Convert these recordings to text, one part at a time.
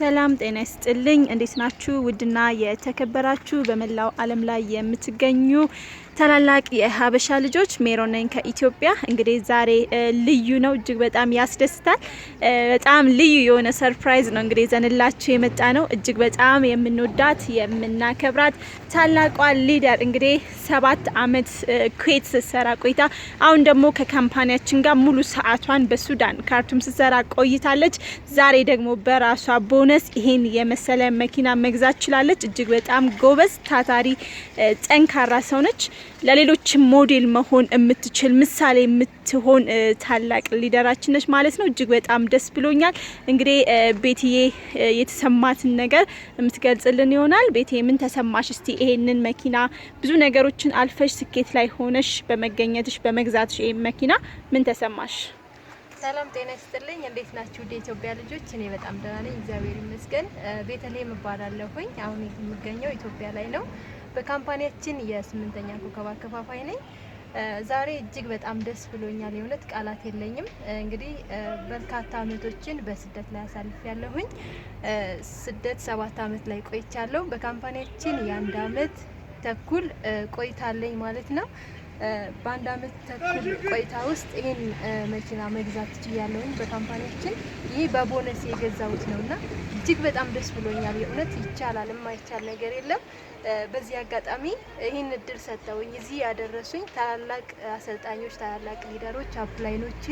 ሰላም ጤና ይስጥልኝ። እንዴት ናችሁ? ውድና የተከበራችሁ በመላው ዓለም ላይ የምትገኙ ታላላቅ የሀበሻ ልጆች ሜሮን ነኝ ከኢትዮጵያ። እንግዲህ ዛሬ ልዩ ነው፣ እጅግ በጣም ያስደስታል። በጣም ልዩ የሆነ ሰርፕራይዝ ነው እንግዲህ ዘንላችሁ የመጣ ነው። እጅግ በጣም የምንወዳት የምናከብራት ታላቋ ሊደር እንግዲህ ሰባት አመት ኩዌት ስትሰራ ቆይታ አሁን ደግሞ ከካምፓኒያችን ጋር ሙሉ ሰዓቷን በሱዳን ካርቱም ስትሰራ ቆይታለች። ዛሬ ደግሞ በራሷ ቦነ እውነት ይሄን የመሰለ መኪና መግዛት ችላለች። እጅግ በጣም ጎበዝ፣ ታታሪ፣ ጠንካራ ሰው ነች። ለሌሎች ሞዴል መሆን የምትችል ምሳሌ የምትሆን ታላቅ ሊደራችን ነች ማለት ነው። እጅግ በጣም ደስ ብሎኛል። እንግዲህ ቤትዬ የተሰማትን ነገር የምትገልጽልን ይሆናል። ቤቴ ምን ተሰማሽ? እስቲ ይሄንን መኪና ብዙ ነገሮችን አልፈሽ ስኬት ላይ ሆነሽ በመገኘትሽ በመግዛትሽ ይሄን መኪና ምን ተሰማሽ? ሰላም ጤና ይስጥልኝ። እንዴት ናችሁ? ወደ ኢትዮጵያ ልጆች እኔ በጣም ደህና ነኝ፣ እግዚአብሔር ይመስገን። ቤተልሔም እባላለሁኝ። አሁን የምገኘው ኢትዮጵያ ላይ ነው። በካምፓኒያችን የስምንተኛ ኮከብ አከፋፋይ ነኝ። ዛሬ እጅግ በጣም ደስ ብሎኛል። የእውነት ቃላት የለኝም። እንግዲህ በርካታ ዓመቶችን በስደት ላይ አሳልፍ ያለሁኝ ስደት ሰባት ዓመት ላይ ቆይቻለሁ። በካምፓኒያችን የአንድ ዓመት ተኩል ቆይታለኝ ማለት ነው። በአንድ አመት ተኩል ቆይታ ውስጥ ይህን መኪና መግዛት ችያለሁኝ በካምፓኒያችን። ይህ በቦነስ የገዛሁት ነው እና እጅግ በጣም ደስ ብሎኛል። የእውነት ይቻላል፣ የማይቻል ነገር የለም። በዚህ አጋጣሚ ይህን እድል ሰጠውኝ እዚህ ያደረሱኝ ታላላቅ አሰልጣኞች፣ ታላላቅ ሊደሮች፣ አፕላይኖቼ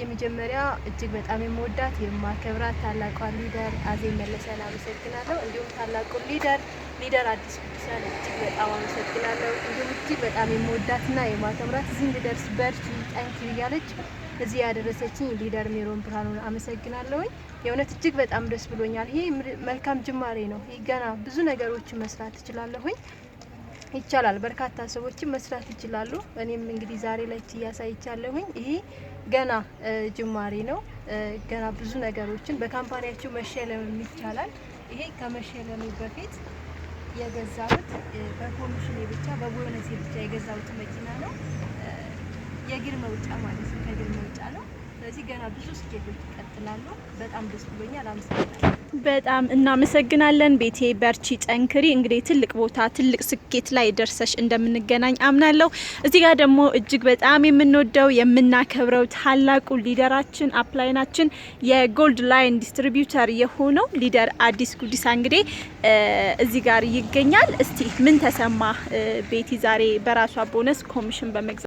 የመጀመሪያ እጅግ በጣም የምወዳት የማከብራት ታላቋ ሊደር አዜብ መለሰን አመሰግናለሁ። እንዲሁም ታላቁ ሊደር ሊደር አዲስ ቅዱሳን እጅግ በጣም አመሰግናለሁ። እንዲሁም እጅግ በጣም የምወዳትና የማከብራት እዚህ እንድደርስ በርቺ፣ ጠንክሪ እያለች እዚህ ያደረሰችኝ ሊደር ሜሮን ብርሃኑን አመሰግናለሁኝ። የእውነት እጅግ በጣም ደስ ብሎኛል። ይሄ መልካም ጅማሬ ነው። ገና ብዙ ነገሮችን መስራት ትችላለሁኝ። ይቻላል። በርካታ ሰዎችም መስራት ይችላሉ። እኔም እንግዲህ ዛሬ ላይ እያሳይቻለሁኝ። ይህ ገና ጅማሬ ነው። ገና ብዙ ነገሮችን በካምፓኒያችሁ መሸለም ይቻላል። ይሄ ከመሸለሙ በፊት የገዛሁት በኮሚሽን ብቻ በቦነሴ ብቻ የገዛሁት መኪና ነው። የግር መውጫ ማለት ነው። ከግር መውጫ ነው። ስለዚህ ገና ብዙ ስኬቶች ይቀጥላሉ። በጣም ደስ ብሎኛል። አመሰግናለሁ። በጣም እናመሰግናለን። ቤቴ በርቺ፣ ጠንክሪ። እንግዲህ ትልቅ ቦታ ትልቅ ስኬት ላይ ደርሰሽ እንደምንገናኝ አምናለሁ። እዚህ ጋር ደግሞ እጅግ በጣም የምንወደው የምናከብረው ታላቁ ሊደራችን አፕላይናችን የጎልድ ላይን ዲስትሪቢዩተር የሆነው ሊደር አዲስ ጉዲሳ እንግዲህ እዚህ ጋር ይገኛል። እስቲ ምን ተሰማ ቤቲ ዛሬ በራሷ ቦነስ ኮሚሽን በመግዛት